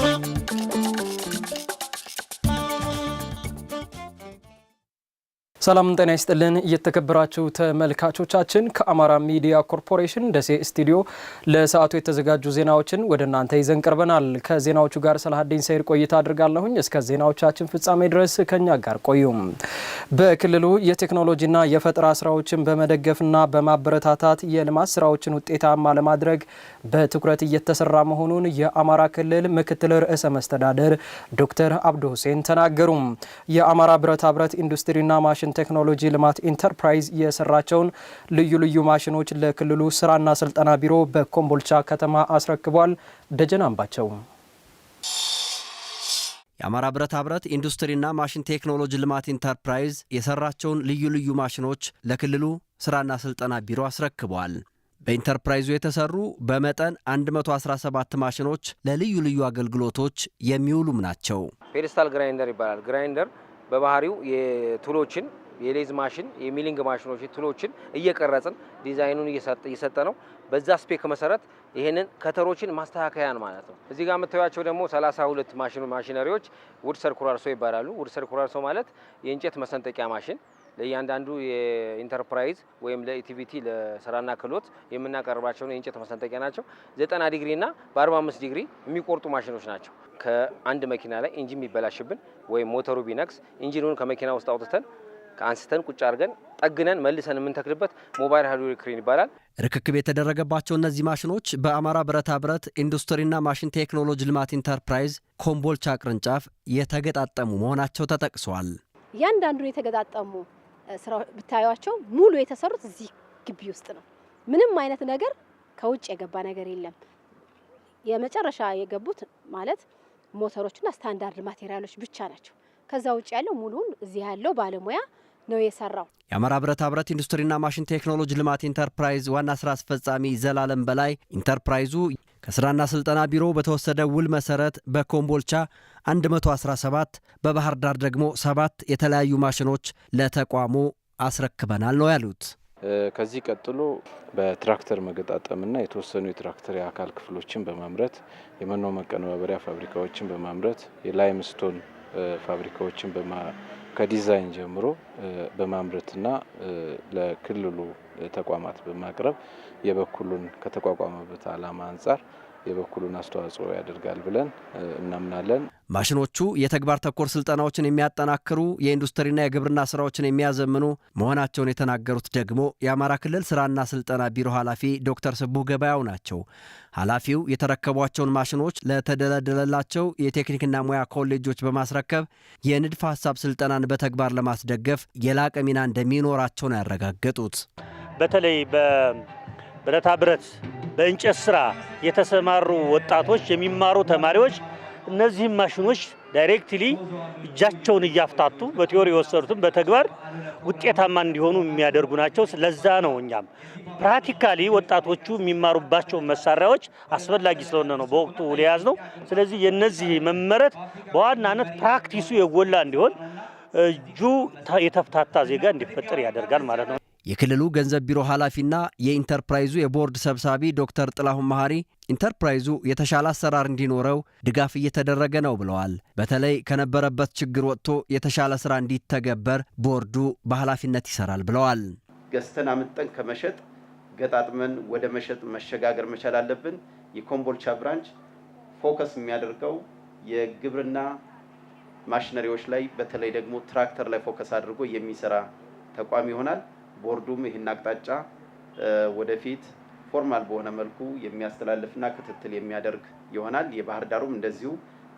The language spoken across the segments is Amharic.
Thank you. ሰላም ጤና ይስጥልን። እየተከበራችሁ ተመልካቾቻችን ከአማራ ሚዲያ ኮርፖሬሽን ደሴ ስቱዲዮ ለሰዓቱ የተዘጋጁ ዜናዎችን ወደ እናንተ ይዘን ቀርበናል። ከዜናዎቹ ጋር ሰላሀዲን ሰይድ ቆይታ አድርጋለሁኝ። እስከ ዜናዎቻችን ፍጻሜ ድረስ ከኛ ጋር ቆዩም። በክልሉ የቴክኖሎጂና የፈጠራ ስራዎችን በመደገፍና በማበረታታት የልማት ስራዎችን ውጤታማ ለማድረግ በትኩረት እየተሰራ መሆኑን የአማራ ክልል ምክትል ርዕሰ መስተዳደር ዶክተር አብዱ ሁሴን ተናገሩም። የአማራ ብረታ ብረት ኢንዱስትሪና ማሽን ቴክኖሎጂ ልማት ኢንተርፕራይዝ የሰራቸውን ልዩ ልዩ ማሽኖች ለክልሉ ስራና ስልጠና ቢሮ በኮምቦልቻ ከተማ አስረክቧል። ደጀን አምባቸው የአማራ ብረታ ብረት ኢንዱስትሪና ማሽን ቴክኖሎጂ ልማት ኢንተርፕራይዝ የሰራቸውን ልዩ ልዩ ማሽኖች ለክልሉ ስራና ስልጠና ቢሮ አስረክበዋል። በኢንተርፕራይዙ የተሰሩ በመጠን 117 ማሽኖች ለልዩ ልዩ አገልግሎቶች የሚውሉም ናቸው። ፔደስታል ግራይንደር ይባላል። ግራይንደር በባህሪው የቱሎችን የሌዝ ማሽን የሚሊንግ ማሽኖች ትሎችን እየቀረጽን ዲዛይኑን እየሰጠ ነው። በዛ ስፔክ መሰረት ይህንን ከተሮችን ማስተካከያን ማለት ነው። እዚህ ጋር የምታዩቸው ደግሞ 32 ማሽኑ ማሽነሪዎች ውድ ኩራርሶ ይባላሉ። ውድ ኩራርሶ ማለት የእንጨት መሰንጠቂያ ማሽን ለእያንዳንዱ የኢንተርፕራይዝ ወይም ለኢቲቪቲ ለስራና ክህሎት የምናቀርባቸው የእንጨት መሰንጠቂያ ናቸው። 90 ዲግሪ እና በ45 ዲግሪ የሚቆርጡ ማሽኖች ናቸው። ከአንድ መኪና ላይ ኢንጂን የሚበላሽብን ወይም ሞተሩ ቢነክስ ኢንጂኑን ከመኪና ውስጥ አውጥተን አንስተን ቁጭ አድርገን ጠግነን መልሰን የምንተክልበት ሞባይል ሃርድዌር ክሬን ይባላል። ርክክብ የተደረገባቸው እነዚህ ማሽኖች በአማራ ብረታ ብረት ኢንዱስትሪና ማሽን ቴክኖሎጂ ልማት ኢንተርፕራይዝ ኮምቦልቻ ቅርንጫፍ የተገጣጠሙ መሆናቸው ተጠቅሰዋል። እያንዳንዱን የተገጣጠሙ ስራ ብታዩቸው ሙሉ የተሰሩት እዚህ ግቢ ውስጥ ነው። ምንም አይነት ነገር ከውጭ የገባ ነገር የለም። የመጨረሻ የገቡት ማለት ሞተሮችና ስታንዳርድ ማቴሪያሎች ብቻ ናቸው። ከዛ ውጭ ያለው ሙሉውን እዚህ ያለው ባለሙያ ነው የሰራው። የአማራ ብረታ ብረት ኢንዱስትሪና ማሽን ቴክኖሎጂ ልማት ኢንተርፕራይዝ ዋና ስራ አስፈጻሚ ዘላለም በላይ ኢንተርፕራይዙ ከስራና ስልጠና ቢሮ በተወሰደ ውል መሰረት በኮምቦልቻ 117 በባህር ዳር ደግሞ ሰባት የተለያዩ ማሽኖች ለተቋሙ አስረክበናል ነው ያሉት። ከዚህ ቀጥሎ በትራክተር መገጣጠምና የተወሰኑ የትራክተር የአካል ክፍሎችን በማምረት የመኖ መቀነባበሪያ ፋብሪካዎችን በማምረት የላይምስቶን ፋብሪካዎችን ከዲዛይን ጀምሮ በማምረትና ለክልሉ ተቋማት በማቅረብ የበኩሉን ከተቋቋመበት ዓላማ አንጻር የበኩሉን አስተዋጽኦ ያደርጋል ብለን እናምናለን። ማሽኖቹ የተግባር ተኮር ስልጠናዎችን የሚያጠናክሩ የኢንዱስትሪና የግብርና ስራዎችን የሚያዘምኑ መሆናቸውን የተናገሩት ደግሞ የአማራ ክልል ስራና ስልጠና ቢሮ ኃላፊ ዶክተር ስቡህ ገበያው ናቸው። ኃላፊው የተረከቧቸውን ማሽኖች ለተደለደለላቸው የቴክኒክና ሙያ ኮሌጆች በማስረከብ የንድፈ ሀሳብ ስልጠናን በተግባር ለማስደገፍ የላቀ ሚና እንደሚኖራቸውን ያረጋገጡት በተለይ ብረታ ብረት፣ በእንጨት ስራ የተሰማሩ ወጣቶች የሚማሩ ተማሪዎች እነዚህም ማሽኖች ዳይሬክትሊ እጃቸውን እያፍታቱ በቲዎሪ የወሰዱትም በተግባር ውጤታማ እንዲሆኑ የሚያደርጉ ናቸው። ለዛ ነው እኛም ፕራክቲካሊ ወጣቶቹ የሚማሩባቸው መሳሪያዎች አስፈላጊ ስለሆነ ነው በወቅቱ ሊያዝ ነው። ስለዚህ የነዚህ መመረት በዋናነት ፕራክቲሱ የጎላ እንዲሆን እጁ የተፍታታ ዜጋ እንዲፈጠር ያደርጋል ማለት ነው። የክልሉ ገንዘብ ቢሮ ኃላፊና የኢንተርፕራይዙ የቦርድ ሰብሳቢ ዶክተር ጥላሁን መሐሪ ኢንተርፕራይዙ የተሻለ አሰራር እንዲኖረው ድጋፍ እየተደረገ ነው ብለዋል። በተለይ ከነበረበት ችግር ወጥቶ የተሻለ ስራ እንዲተገበር ቦርዱ በኃላፊነት ይሰራል ብለዋል። ገዝተን አምጠን ከመሸጥ ገጣጥመን ወደ መሸጥ መሸጋገር መቻል አለብን። የኮምቦልቻ ብራንች ፎከስ የሚያደርገው የግብርና ማሽነሪዎች ላይ በተለይ ደግሞ ትራክተር ላይ ፎከስ አድርጎ የሚሰራ ተቋም ይሆናል። ቦርዱም ይህን አቅጣጫ ወደፊት ፎርማል በሆነ መልኩ የሚያስተላልፍና ክትትል የሚያደርግ ይሆናል። የባህር ዳሩም እንደዚሁ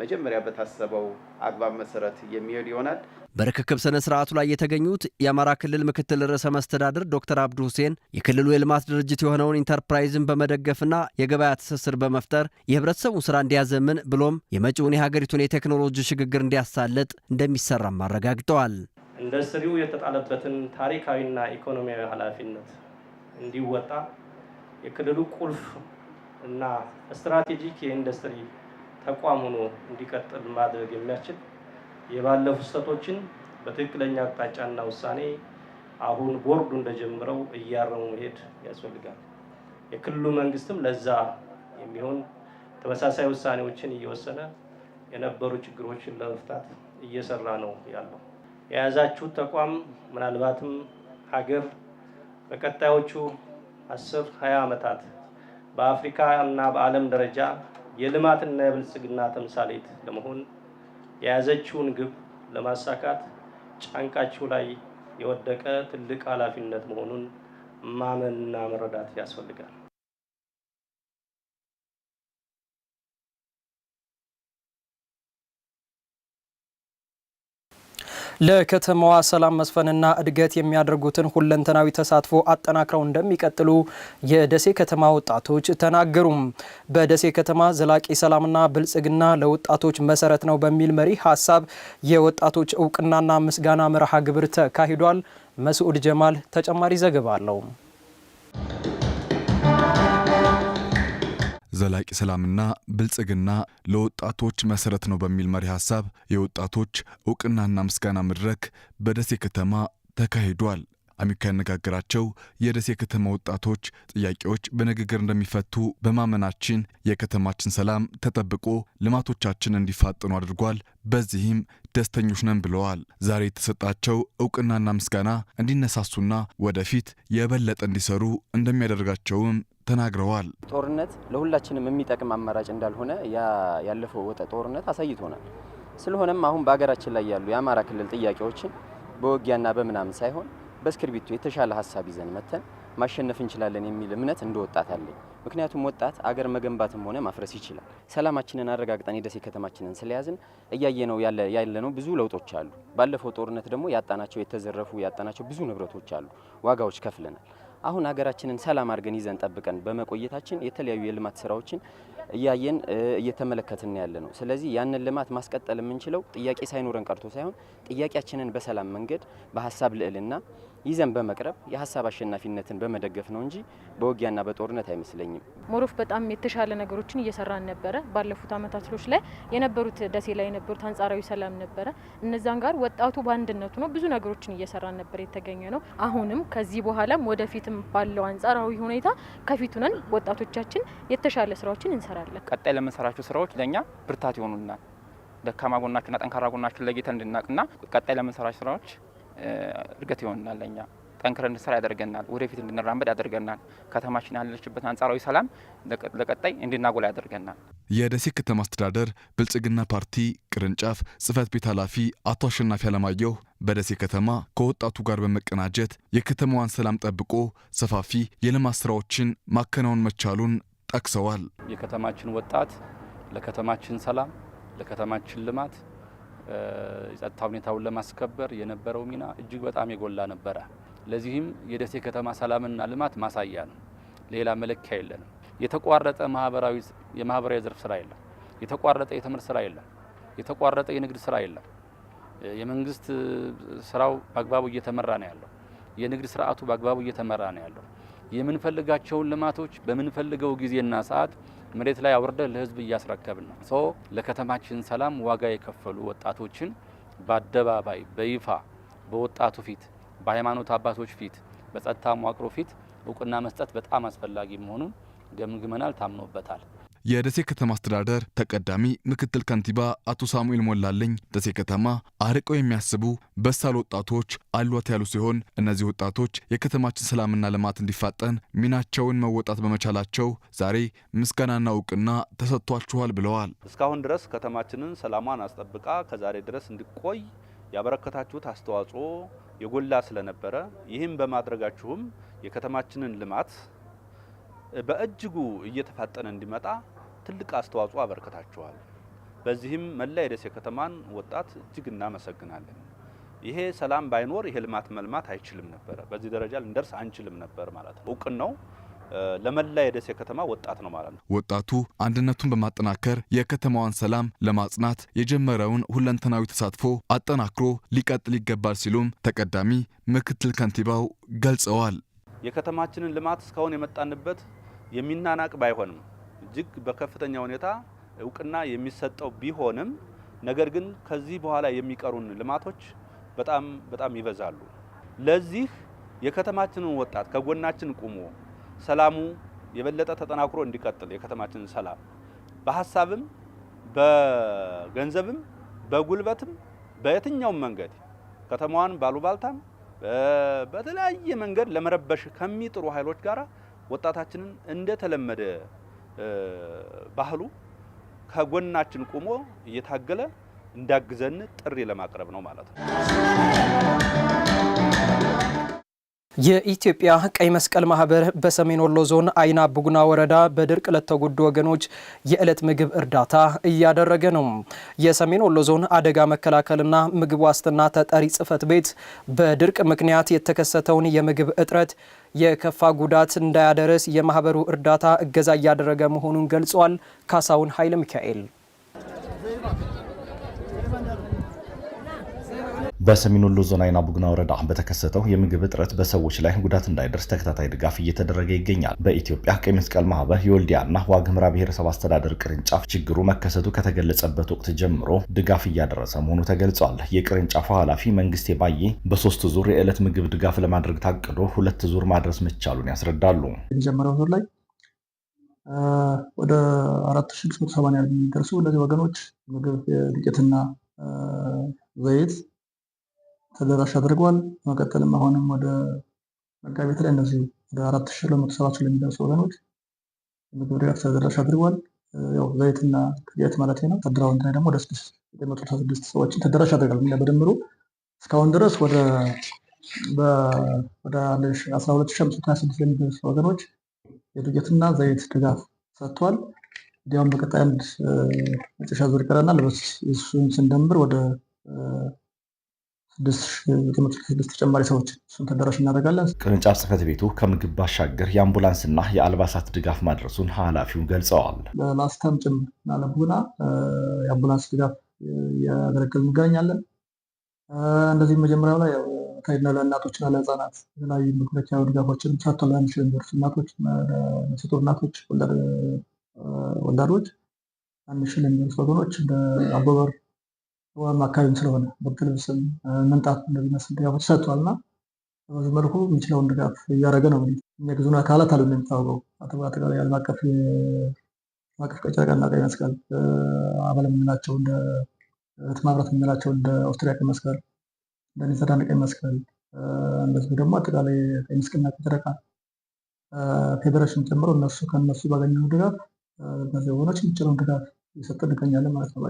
መጀመሪያ በታሰበው አግባብ መሰረት የሚሄድ ይሆናል። በርክክብ ስነ ስርዓቱ ላይ የተገኙት የአማራ ክልል ምክትል ርዕሰ መስተዳድር ዶክተር አብዱ ሁሴን የክልሉ የልማት ድርጅት የሆነውን ኢንተርፕራይዝን በመደገፍና የገበያ ትስስር በመፍጠር የህብረተሰቡን ስራ እንዲያዘምን ብሎም የመጪውን የሀገሪቱን የቴክኖሎጂ ሽግግር እንዲያሳለጥ እንደሚሰራም አረጋግጠዋል። ኢንዱስትሪው የተጣለበትን ታሪካዊና ኢኮኖሚያዊ ኃላፊነት እንዲወጣ የክልሉ ቁልፍ እና ስትራቴጂክ የኢንዱስትሪ ተቋም ሆኖ እንዲቀጥል ማድረግ የሚያስችል የባለፉ ስህተቶችን በትክክለኛ አቅጣጫና ውሳኔ አሁን ቦርዱ እንደጀምረው እያረሙ መሄድ ያስፈልጋል። የክልሉ መንግስትም ለዛ የሚሆን ተመሳሳይ ውሳኔዎችን እየወሰነ የነበሩ ችግሮችን ለመፍታት እየሰራ ነው ያለው። የያዛችሁት ተቋም ምናልባትም ሀገር በቀጣዮቹ አስር ሀያ ዓመታት በአፍሪካ እና በዓለም ደረጃ የልማትና የብልጽግና ተምሳሌት ለመሆን የያዘችውን ግብ ለማሳካት ጫንቃችሁ ላይ የወደቀ ትልቅ ኃላፊነት መሆኑን ማመንና መረዳት ያስፈልጋል። ለከተማዋ ሰላም መስፈንና እድገት የሚያደርጉትን ሁለንተናዊ ተሳትፎ አጠናክረው እንደሚቀጥሉ የደሴ ከተማ ወጣቶች ተናገሩም። በደሴ ከተማ ዘላቂ ሰላምና ብልጽግና ለወጣቶች መሰረት ነው በሚል መሪ ሀሳብ የወጣቶች እውቅናና ምስጋና መርሃ ግብር ተካሂዷል። መስዑድ ጀማል ተጨማሪ ዘገባ አለው። ዘላቂ ሰላምና ብልጽግና ለወጣቶች መሰረት ነው በሚል መሪ ሀሳብ የወጣቶች እውቅናና ምስጋና መድረክ በደሴ ከተማ ተካሂዷል። አሚኮ ያነጋገራቸው የደሴ ከተማ ወጣቶች ጥያቄዎች በንግግር እንደሚፈቱ በማመናችን የከተማችን ሰላም ተጠብቆ ልማቶቻችን እንዲፋጥኑ አድርጓል። በዚህም ደስተኞች ነን ብለዋል። ዛሬ የተሰጣቸው እውቅናና ምስጋና እንዲነሳሱና ወደፊት የበለጠ እንዲሰሩ እንደሚያደርጋቸውም ተናግረዋል። ጦርነት ለሁላችንም የሚጠቅም አማራጭ እንዳልሆነ ያለፈው ወጣ ጦርነት አሳይቶናል። ስለሆነም አሁን በሀገራችን ላይ ያሉ የአማራ ክልል ጥያቄዎችን በውጊያና በምናምን ሳይሆን በእስክርቢቱ የተሻለ ሀሳብ ይዘን መተን ማሸነፍ እንችላለን የሚል እምነት እንደ ወጣት አለኝ። ምክንያቱም ወጣት አገር መገንባትም ሆነ ማፍረስ ይችላል። ሰላማችንን አረጋግጠን የደሴ ከተማችንን ስለያዝን እያየ ነው ያለ ነው ብዙ ለውጦች አሉ። ባለፈው ጦርነት ደግሞ ያጣናቸው የተዘረፉ ያጣናቸው ብዙ ንብረቶች አሉ። ዋጋዎች ከፍለናል። አሁን ሀገራችንን ሰላም አድርገን ይዘን ጠብቀን በመቆየታችን የተለያዩ የልማት ስራዎችን እያየን እየተመለከትን ያለ ነው። ስለዚህ ያንን ልማት ማስቀጠል የምንችለው ጥያቄ ሳይኖረን ቀርቶ ሳይሆን ጥያቄያችንን በሰላም መንገድ በሀሳብ ልዕልና ይዘን በመቅረብ የሀሳብ አሸናፊነትን በመደገፍ ነው እንጂ በውጊያና በጦርነት አይመስለኝም። ሞሮፍ በጣም የተሻለ ነገሮችን እየሰራን ነበረ። ባለፉት ሎች ላይ የነበሩት ደሴ ላይ የነበሩት አንጻራዊ ሰላም ነበረ። እነዛን ጋር ወጣቱ በአንድነቱ ነው ብዙ ነገሮችን እየሰራን ነበር የተገኘ ነው። አሁንም ከዚህ በኋላም ወደፊትም ባለው አንጻራዊ ሁኔታ ከፊቱ ነን። ወጣቶቻችን የተሻለ ስራዎችን እንሰራለን። ቀጣይ ለምንሰራቸው ስራዎች ለእኛ ብርታት ይሆኑናል። ደካማ ጎናችንና ጠንካራ እንድናቅና ቀጣይ ለምንሰራቸው ስራዎች እድገት ይሆንናል ለኛ ጠንክረን እንድንሰራ ያደርገናል። ወደፊት እንድንራመድ ያደርገናል። ከተማችን ያለችበት አንጻራዊ ሰላም ለቀጣይ እንድናጎላ ያደርገናል። የደሴ ከተማ አስተዳደር ብልጽግና ፓርቲ ቅርንጫፍ ጽህፈት ቤት ኃላፊ አቶ አሸናፊ አለማየሁ በደሴ ከተማ ከወጣቱ ጋር በመቀናጀት የከተማዋን ሰላም ጠብቆ ሰፋፊ የልማት ስራዎችን ማከናወን መቻሉን ጠቅሰዋል። የከተማችን ወጣት ለከተማችን ሰላም፣ ለከተማችን ልማት የጸጥታ ሁኔታውን ለማስከበር የነበረው ሚና እጅግ በጣም የጎላ ነበረ። ለዚህም የደሴ ከተማ ሰላምና ልማት ማሳያ ነው። ሌላ መለኪያ የለንም። የተቋረጠ ማህበራዊ የማህበራዊ ዘርፍ ስራ የለም። የተቋረጠ የትምህርት ስራ የለም። የተቋረጠ የንግድ ስራ የለም። የመንግስት ስራው በአግባቡ እየተመራ ነው ያለው። የንግድ ስርዓቱ በአግባቡ እየተመራ ነው ያለው። የምንፈልጋቸውን ልማቶች በምንፈልገው ጊዜና ሰዓት መሬት ላይ አውርደ ለህዝብ እያስረከብን ነው። ሰው ለከተማችን ሰላም ዋጋ የከፈሉ ወጣቶችን በአደባባይ በይፋ በወጣቱ ፊት በሃይማኖት አባቶች ፊት በጸጥታ መዋቅሮ ፊት እውቅና መስጠት በጣም አስፈላጊ መሆኑን ገምግመናል፣ ታምኖበታል። የደሴ ከተማ አስተዳደር ተቀዳሚ ምክትል ከንቲባ አቶ ሳሙኤል ሞላለኝ ደሴ ከተማ አርቀው የሚያስቡ በሳል ወጣቶች አሏት ያሉ ሲሆን እነዚህ ወጣቶች የከተማችን ሰላምና ልማት እንዲፋጠን ሚናቸውን መወጣት በመቻላቸው ዛሬ ምስጋናና እውቅና ተሰጥቷችኋል ብለዋል። እስካሁን ድረስ ከተማችንን ሰላሟን አስጠብቃ ከዛሬ ድረስ እንዲቆይ ያበረከታችሁት አስተዋጽኦ የጎላ ስለነበረ ይህም በማድረጋችሁም የከተማችንን ልማት በእጅጉ እየተፋጠነ እንዲመጣ ትልቅ አስተዋጽኦ አበርክታችኋል። በዚህም መላ የደሴ ከተማን ወጣት እጅግ እናመሰግናለን። ይሄ ሰላም ባይኖር ይሄ ልማት መልማት አይችልም ነበረ፣ በዚህ ደረጃ ልንደርስ አንችልም ነበር ማለት ነው። እውቅን ነው ለመላ የደሴ ከተማ ወጣት ነው ማለት ነው። ወጣቱ አንድነቱን በማጠናከር የከተማዋን ሰላም ለማጽናት የጀመረውን ሁለንተናዊ ተሳትፎ አጠናክሮ ሊቀጥል ይገባል ሲሉም ተቀዳሚ ምክትል ከንቲባው ገልጸዋል። የከተማችንን ልማት እስካሁን የመጣንበት የሚናናቅ ባይሆንም እጅግ በከፍተኛ ሁኔታ እውቅና የሚሰጠው ቢሆንም ነገር ግን ከዚህ በኋላ የሚቀሩን ልማቶች በጣም በጣም ይበዛሉ። ለዚህ የከተማችንን ወጣት ከጎናችን ቁሞ ሰላሙ የበለጠ ተጠናክሮ እንዲቀጥል የከተማችንን ሰላም በሀሳብም በገንዘብም በጉልበትም በየትኛውም መንገድ ከተማዋን ባሉባልታም በተለያየ መንገድ ለመረበሽ ከሚጥሩ ኃይሎች ጋር ወጣታችንን እንደተለመደ ባህሉ ከጎናችን ቁሞ እየታገለ እንዳግዘን ጥሪ ለማቅረብ ነው ማለት ነው። የኢትዮጵያ ቀይ መስቀል ማህበር በሰሜን ወሎ ዞን አይና ቡግና ወረዳ በድርቅ ለተጎዱ ወገኖች የዕለት ምግብ እርዳታ እያደረገ ነው። የሰሜን ወሎ ዞን አደጋ መከላከልና ምግብ ዋስትና ተጠሪ ጽህፈት ቤት በድርቅ ምክንያት የተከሰተውን የምግብ እጥረት የከፋ ጉዳት እንዳያደርስ የማህበሩ እርዳታ እገዛ እያደረገ መሆኑን ገልጿል። ካሳሁን ኃይለ ሚካኤል በሰሜን ወሎ ዞን አይና ቡግና ወረዳ በተከሰተው የምግብ እጥረት በሰዎች ላይ ጉዳት እንዳይደርስ ተከታታይ ድጋፍ እየተደረገ ይገኛል። በኢትዮጵያ ቀይ መስቀል ማህበር የወልዲያና ዋግ ኽምራ ብሔረሰብ አስተዳደር ቅርንጫፍ ችግሩ መከሰቱ ከተገለጸበት ወቅት ጀምሮ ድጋፍ እያደረሰ መሆኑ ተገልጿል። የቅርንጫፉ ኃላፊ መንግስቴ ባዬ በሶስት ዙር የዕለት ምግብ ድጋፍ ለማድረግ ታቅዶ ሁለት ዙር ማድረስ መቻሉን ያስረዳሉ። የመጀመሪያው ዙር ላይ ወደ አራት ሺ ሰባ የሚደርሱ እነዚህ ወገኖች ምግብ ዱቄትና ዘይት ተደራሽ አድርጓል። በመቀጠልም አሁንም ወደ መጋቢት ላይ እነዚህ ወደ አራት ሺ ለመቶ ሰባት ሺ ለሚደርሱ ወገኖች ምግብ ድጋፍ ተደራሽ አድርጓል። ያው ዘይትና ጥያት ማለት ነው። ተድራ ወንት ደግሞ ወደ ስድስት መቶ ስድስት ሰዎችን ተደራሽ አድርጓል። እኛ በድምሩ እስካሁን ድረስ ወደ ወደ አስራ ሁለት ሺ አምስት ስድስት ለሚደርሱ ወገኖች የዱቄትና ዘይት ድጋፍ ሰጥቷል። እንዲያውም በቀጣይ አንድ መጨረሻ ዙር ይቀረናል። እሱን ስንደምር ወደ ስድስት ተጨማሪ ሰዎች እሱን ተደራሽ እናደርጋለን። ቅርንጫፍ ጽሕፈት ቤቱ ከምግብ ባሻገር የአምቡላንስና የአልባሳት ድጋፍ ማድረሱን ኃላፊው ገልጸዋል። ላስታም ጭምር ናለቡና የአምቡላንስ ድጋፍ እያገለገልን እንገኛለን። እንደዚህም መጀመሪያው ላይ ታይና ለእናቶችና ለህፃናት የተለያዩ መክለቻዊ ድጋፎችን ሳቶ ለአንሽ የሚደርሱ እናቶች፣ ሴቶ እናቶች፣ ወላዶች አንድ ሺህ ለሚደርሱ ወገኖች እንደ አበበር አካባቢም ስለሆነ ብርድ ልብስም ምንጣፍ እንደዚህ ድጋፎች ሰጥቷል እና በዚህ መልኩ የሚችለውን ድጋፍ እያደረገ ነው። የሚያግዙን አካላት አሉ እንደሚታወቀው አጠቃላይ ዓለም አቀፍ ማቀፍ ቀጫ ቀና ቀይ መስቀል አባል የምንላቸው እንደ እህት ማህበራት የምንላቸው እንደ ኦስትሪያ ቀይ መስቀል፣ እንደ ኔዘርላንድ ቀይ መስቀል እንደዚሁ ደግሞ አጠቃላይ ቀይ መስቀልና ጨረቃ ፌዴሬሽን ጨምሮ እነሱ ከነሱ ባገኘነው ድጋፍ እነዚህ ወገኖች የሚችለውን ድጋፍ እየሰጠን እንገኛለን ማለት ነው።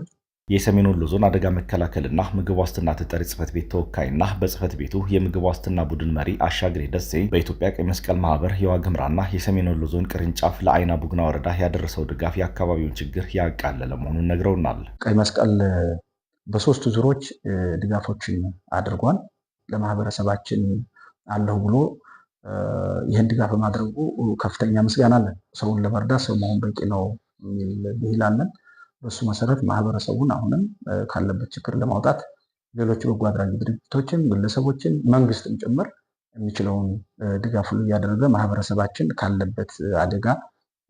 የሰሜን ወሎ ዞን አደጋ መከላከልና ምግብ ዋስትና ተጠሪ ጽህፈት ቤት ተወካይና በጽህፈት ቤቱ የምግብ ዋስትና ቡድን መሪ አሻግሬ ደሴ በኢትዮጵያ ቀይ መስቀል ማህበር የዋግምራና የሰሜን ወሎ ዞን ቅርንጫፍ ለአይና ቡግና ወረዳ ያደረሰው ድጋፍ የአካባቢውን ችግር ያቃለለ መሆኑን ነግረውናል። ቀይ መስቀል በሶስቱ ዙሮች ድጋፎችን አድርጓል። ለማህበረሰባችን አለሁ ብሎ ይህን ድጋፍ በማድረጉ ከፍተኛ ምስጋና አለን። ሰውን ለመርዳት ሰው መሆን በቂ ነው የሚል ብሂል አለን። በሱ መሰረት ማህበረሰቡን አሁንም ካለበት ችግር ለማውጣት ሌሎች በጎ አድራጊ ድርጅቶችን፣ ግለሰቦችን፣ መንግስትም ጭምር የሚችለውን ድጋፍ ሁሉ እያደረገ ማህበረሰባችን ካለበት አደጋ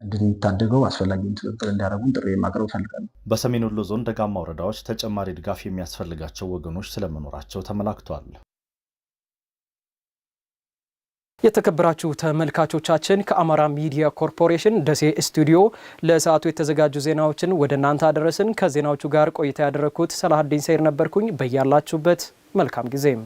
እንድንታደገው አስፈላጊውን ትብብር እንዲያደርጉን ጥሪ ማቅረብ እፈልጋለሁ። በሰሜን ወሎ ዞን ደጋማ ወረዳዎች ተጨማሪ ድጋፍ የሚያስፈልጋቸው ወገኖች ስለመኖራቸው ተመላክቷል። የተከበራችሁ ተመልካቾቻችን ከአማራ ሚዲያ ኮርፖሬሽን ደሴ ስቱዲዮ ለሰዓቱ የተዘጋጁ ዜናዎችን ወደ እናንተ አደረስን። ከዜናዎቹ ጋር ቆይታ ያደረግኩት ሰላሀዲን ሰይር ነበርኩኝ። በያላችሁበት መልካም ጊዜም